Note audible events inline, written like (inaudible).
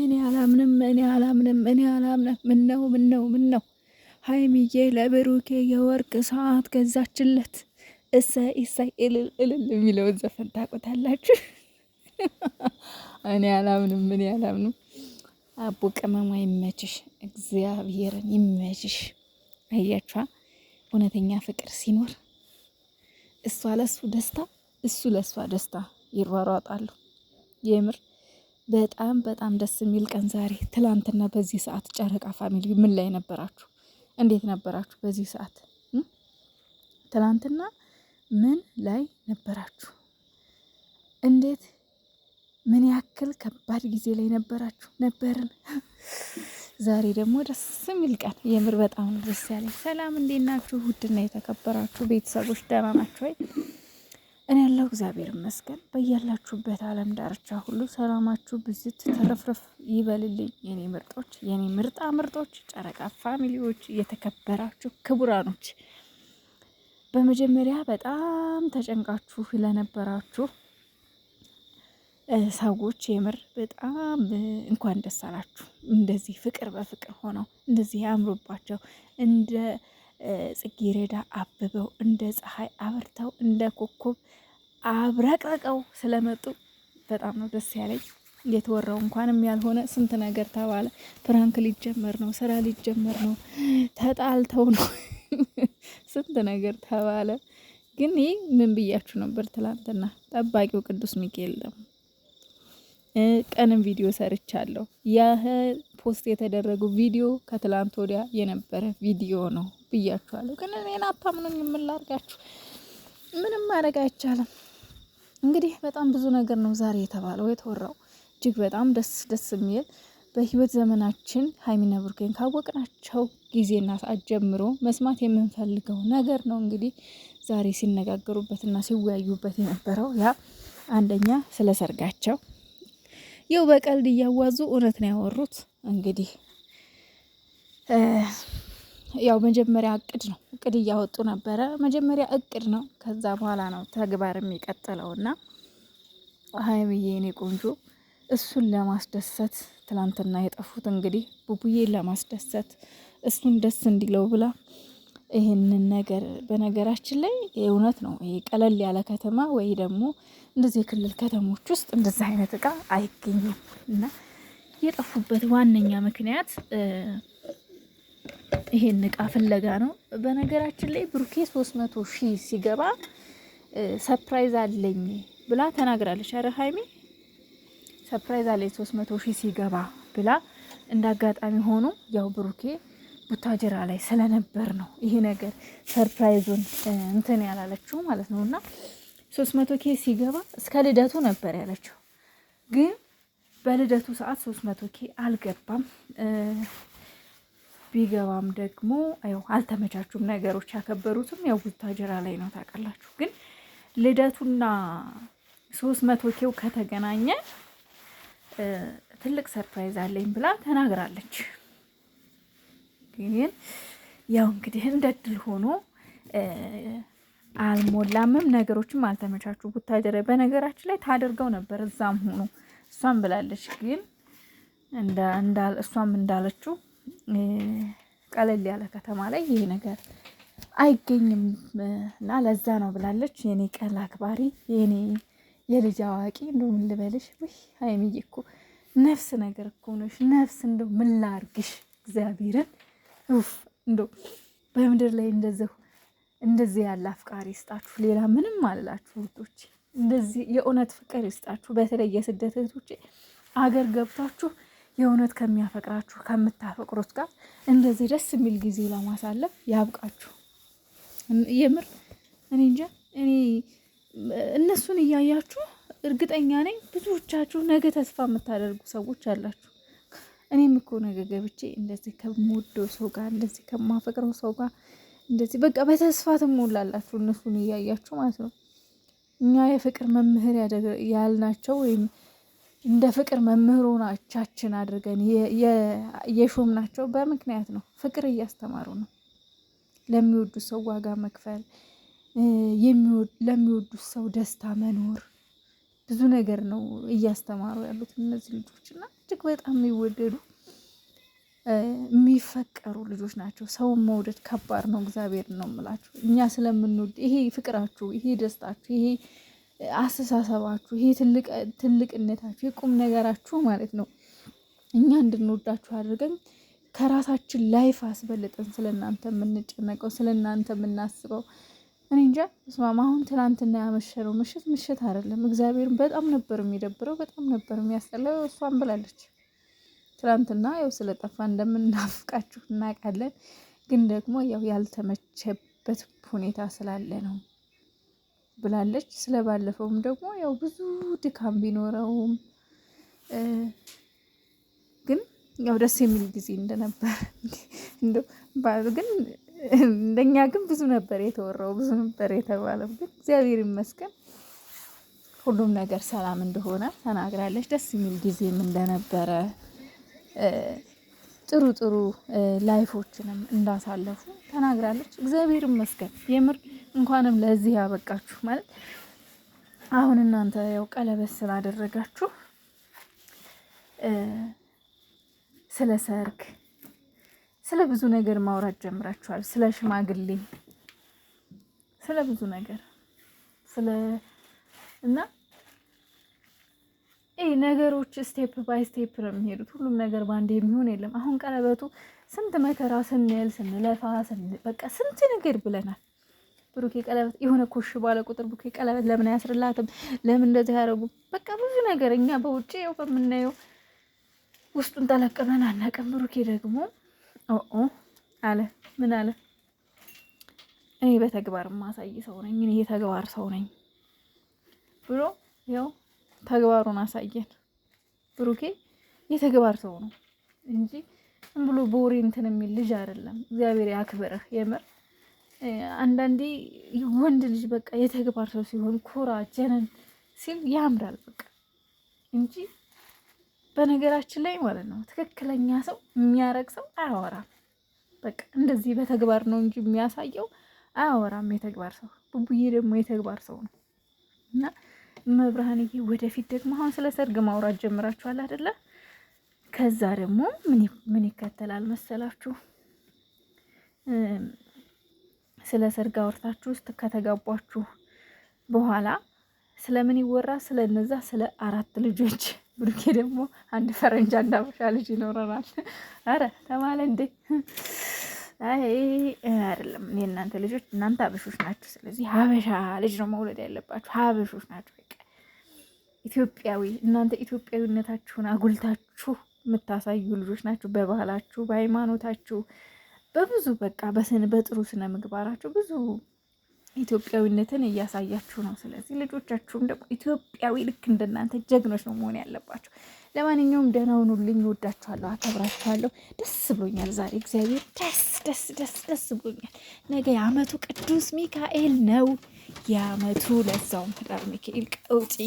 እኔ አላምንም፣ እኔ አላምንም፣ እኔ አላምንም። ምነው ምነው ምነው ሀይሚዬ ለብሩኬ የወርቅ ሰዓት ገዛችለት። እሰይ እሰይ እልል እልል የሚለውን ዘፈን ታቆታላችሁ። እኔ አላምንም፣ እኔ አላምንም። አቦ ቅመማ ይመችሽ፣ እግዚአብሔርን ይመችሽ። አያቿ እውነተኛ ፍቅር ሲኖር እሷ ለሱ ደስታ፣ እሱ ለእሷ ደስታ ይሯሯጣሉ የምር በጣም በጣም ደስ የሚል ቀን ዛሬ። ትላንትና በዚህ ሰዓት ጨረቃ ፋሚሊ ምን ላይ ነበራችሁ? እንዴት ነበራችሁ? በዚህ ሰዓት ትላንትና ምን ላይ ነበራችሁ? እንዴት ምን ያክል ከባድ ጊዜ ላይ ነበራችሁ? ነበርን። ዛሬ ደግሞ ደስ የሚል ቀን የምር በጣም ደስ ያለኝ። ሰላም እንዴት ናችሁ? ውድና የተከበራችሁ ቤተሰቦች ደህና ናችሁ ወይ? እኔ ያለው እግዚአብሔር ይመስገን። በያላችሁበት ዓለም ዳርቻ ሁሉ ሰላማችሁ ብዝት ትርፍርፍ ይበልልኝ የኔ ምርጦች፣ የኔ ምርጣ ምርጦች፣ ጨረቃ ፋሚሊዎች፣ የተከበራችሁ ክቡራኖች፣ በመጀመሪያ በጣም ተጨንቃችሁ ለነበራችሁ ሰዎች የምር በጣም እንኳን ደስ አላችሁ። እንደዚህ ፍቅር በፍቅር ሆነው እንደዚህ ያምሮባቸው እንደ ጽጌረዳ አብበው እንደ ፀሐይ አብርተው እንደ ኮከብ አብረቅርቀው ስለመጡ በጣም ነው ደስ ያለኝ። የተወራው እንኳንም ያልሆነ ስንት ነገር ተባለ። ፕራንክ ሊጀመር ነው፣ ስራ ሊጀመር ነው፣ ተጣልተው ነው፣ (laughs) ስንት ነገር ተባለ። ግን ይህ ምን ብያችሁ ነበር ትላንትና? ጠባቂው ቅዱስ ሚካኤል ነው። ቀንም ቪዲዮ ሰርቻለሁ። ያህ ፖስት የተደረጉ ቪዲዮ ከትላንት ወዲያ የነበረ ቪዲዮ ነው። ብያችኋለሁ። ግን እኔን አታምኑኝ የምላርጋችሁ ምንም ማድረግ አይቻልም። እንግዲህ በጣም ብዙ ነገር ነው ዛሬ የተባለው የተወራው፣ እጅግ በጣም ደስ ደስ የሚል በህይወት ዘመናችን ሀይሚና ብሩኬን ካወቅናቸው ጊዜና ሰዓት ጀምሮ መስማት የምንፈልገው ነገር ነው። እንግዲህ ዛሬ ሲነጋገሩበትና ሲወያዩበት የነበረው ያ አንደኛ ስለ ሰርጋቸው ይው በቀልድ እያዋዙ እውነት ነው ያወሩት እንግዲህ ያው መጀመሪያ እቅድ ነው። እቅድ እያወጡ ነበረ። መጀመሪያ እቅድ ነው፣ ከዛ በኋላ ነው ተግባር የሚቀጥለው እና ሀይሚዬ የኔ ቆንጆ እሱን ለማስደሰት ትላንትና የጠፉት እንግዲህ ቡቡዬን ለማስደሰት እሱን ደስ እንዲለው ብላ ይህንን ነገር በነገራችን ላይ እውነት ነው። ይሄ ቀለል ያለ ከተማ ወይ ደግሞ እንደዚህ የክልል ከተሞች ውስጥ እንደዚህ አይነት እቃ አይገኝም እና የጠፉበት ዋነኛ ምክንያት ይሄን እቃ ፍለጋ ነው። በነገራችን ላይ ብሩኬ 300 ሺህ ሲገባ ሰፕራይዝ አለኝ ብላ ተናግራለች። አረ ሀይሚ ሰፕራይዝ አለኝ 300 ሺህ ሲገባ ብላ እንዳጋጣሚ ሆኖ ያው ብሩኬ ቡታጀራ ላይ ስለነበር ነው ይሄ ነገር ሰርፕራይዙን እንትን ያላለችው ማለት ነው። እና ሶስት መቶ ኬ ሲገባ እስከ ልደቱ ነበር ያለችው፣ ግን በልደቱ ሰዓት ሶስት መቶ ኬ አልገባም። ቢገባም ደግሞ ያው አልተመቻቹም ነገሮች። ያከበሩትም ያው ቡታጀራ ላይ ነው ታውቃላችሁ። ግን ልደቱና ሶስት መቶ ኬው ከተገናኘ ትልቅ ሰርፕራይዝ አለኝ ብላ ተናግራለች። ግን ያው እንግዲህ እንደ ድል ሆኖ አልሞላምም፣ ነገሮችም አልተመቻቹ። ቡታጀራ በነገራችን ላይ ታደርገው ነበር እዛም ሆኖ እሷም ብላለች። ግን እሷም እንዳለችው ቀለል ያለ ከተማ ላይ ይሄ ነገር አይገኝም እና ለዛ ነው ብላለች። የኔ ቀል አክባሪ የኔ የልጅ አዋቂ እንደው ምን ልበልሽ? ውይ ሀይሚዬ እኮ ነፍስ ነገር እኮ ነሽ ነፍስ። እንደው ምን ላርግሽ? እግዚአብሔርን ፍ እንደው በምድር ላይ እንደዚህ እንደዚህ ያለ አፍቃሪ ይስጣችሁ። ሌላ ምንም አልላችሁ ውዶች፣ እንደዚህ የእውነት ፍቅር ይስጣችሁ። በተለይ የስደት እህቶቼ አገር ገብታችሁ የእውነት ከሚያፈቅራችሁ ከምታፈቅሩት ጋር እንደዚህ ደስ የሚል ጊዜ ለማሳለፍ ያብቃችሁ። የምር እኔ እንጃ እኔ እነሱን እያያችሁ እርግጠኛ ነኝ ብዙዎቻችሁ ነገ ተስፋ የምታደርጉ ሰዎች አላችሁ። እኔም እኮ ነገ ገብቼ እንደዚህ ከምወደው ሰው ጋር እንደዚህ ከማፈቅረው ሰው ጋር እንደዚህ በቃ በተስፋ ትሞላላችሁ እነሱን እያያችሁ ማለት ነው። እኛ የፍቅር መምህር ያልናቸው ወይም እንደ ፍቅር መምህሮቻችን አድርገን ናቸው። በምክንያት ነው። ፍቅር እያስተማሩ ነው። ለሚወዱት ሰው ዋጋ መክፈል፣ ለሚወዱት ሰው ደስታ መኖር፣ ብዙ ነገር ነው እያስተማሩ ያሉት እነዚህ ልጆች እና እጅግ በጣም የሚወደዱ የሚፈቀሩ ልጆች ናቸው። ሰውን መውደድ ከባድ ነው። እግዚአብሔር ነው የምላችሁ። እኛ ስለምንወድ ይሄ ፍቅራችሁ፣ ይሄ ደስታችሁ፣ ይሄ አስተሳሰባችሁ ይሄ ትልቅነታችሁ የቁም ነገራችሁ ማለት ነው እኛ እንድንወዳችሁ አድርገን ከራሳችን ላይፍ አስበልጠን እናንተ የምንጨነቀው እናንተ የምናስበው እኔ እንጃ ስማም። አሁን ትናንትና ያመሸነው ምሽት ምሽት አይደለም። እግዚአብሔርን በጣም ነበር የሚደብረው፣ በጣም ነበር የሚያስጠላው። እሷን ብላለች ትናንትና። ያው ስለጠፋ እንደምናፍቃችሁ እናውቃለን፣ ግን ደግሞ ያው ያልተመቸበት ሁኔታ ስላለ ነው። ብላለች። ስለባለፈውም ደግሞ ያው ብዙ ድካም ቢኖረውም ግን ያው ደስ የሚል ጊዜ እንደነበር (laughs) ግን እንደኛ ግን ብዙ ነበር የተወራው፣ ብዙ ነበር የተባለው። ግን እግዚአብሔር ይመስገን ሁሉም ነገር ሰላም እንደሆነ ተናግራለች። ደስ የሚል ጊዜም እንደነበረ ጥሩ ጥሩ ላይፎችንም እንዳሳለፉ ተናግራለች። እግዚአብሔር ይመስገን የምር እንኳንም ለዚህ ያበቃችሁ ማለት አሁን እናንተ ያው ቀለበት ስላደረጋችሁ ስለ ሰርግ፣ ስለ ብዙ ነገር ማውራት ጀምራችኋል። ስለ ሽማግሌ፣ ስለ ብዙ ነገር ስለ እና ይህ ነገሮች ስቴፕ ባይ ስቴፕ ነው የሚሄዱት። ሁሉም ነገር በአንድ የሚሆን የለም። አሁን ቀለበቱ ስንት መከራ ስንል ስንለፋ በቃ ስንት ነገር ብለናል። ብሩኬ ቀለበት የሆነ ኮሽ ባለ ቁጥር ብሩኬ ቀለበት ለምን አያስርላትም? ለምን እንደዚህ ያደረጉ? በቃ ብዙ ነገር እኛ በውጭ ው በምናየው ውስጡን ጠለቅ ብለን አናውቅም። ብሩኬ ደግሞ ኦኦ አለ ምን አለ? እኔ በተግባር ማሳይ ሰው ነኝ፣ እኔ የተግባር ሰው ነኝ ብሎ ያው ተግባሩን አሳየን። ብሩኬ የተግባር ሰው ነው እንጂ ዝም ብሎ በወሬ እንትን የሚል ልጅ አይደለም። እግዚአብሔር ያክብርህ የምር አንዳንዴ ወንድ ልጅ በቃ የተግባር ሰው ሲሆን ኮራ ጀነን ሲል ያምራል በቃ እንጂ በነገራችን ላይ ማለት ነው ትክክለኛ ሰው የሚያረግ ሰው አያወራም። በቃ እንደዚህ በተግባር ነው እንጂ የሚያሳየው አያወራም። የተግባር ሰው ቡቡዬ ደግሞ የተግባር ሰው ነው እና መብርሃንዬ ወደፊት ደግሞ አሁን ስለ ሰርግ ማውራት ጀምራችኋል አይደለ? ከዛ ደግሞ ምን ይከተላል መሰላችሁ? ስለ ሰርግ አውርታችሁ ውስጥ ከተጋቧችሁ በኋላ ስለምን ይወራ? ስለ እነዛ ስለ አራት ልጆች። (laughs) ብሩኬ ደግሞ አንድ ፈረንጅ አንድ አበሻ ልጅ ይኖረናል። (laughs) አረ ተባለ እንዴ? (laughs) አይ አይደለም። እኔ እናንተ ልጆች እናንተ አበሾች ናችሁ። ስለዚህ ሀበሻ ልጅ ነው መውለድ ያለባችሁ። ሀበሾች ናችሁ። በቃ ኢትዮጵያዊ እናንተ ኢትዮጵያዊነታችሁን አጉልታችሁ የምታሳዩ ልጆች ናችሁ። በባህላችሁ፣ በሃይማኖታችሁ በብዙ በቃ በስነ በጥሩ ስነ ምግባራቸው ብዙ ኢትዮጵያዊነትን እያሳያችሁ ነው። ስለዚህ ልጆቻችሁም ደግሞ ኢትዮጵያዊ ልክ እንደናንተ ጀግኖች ነው መሆን ያለባቸው። ለማንኛውም ደህና ሁኑልኝ። እወዳችኋለሁ፣ አከብራችኋለሁ። ደስ ብሎኛል ዛሬ እግዚአብሔር ደስ ደስ ደስ ደስ ብሎኛል። ነገ የአመቱ ቅዱስ ሚካኤል ነው። የአመቱ ለዛውም ህዳር ሚካኤል ቀውጢ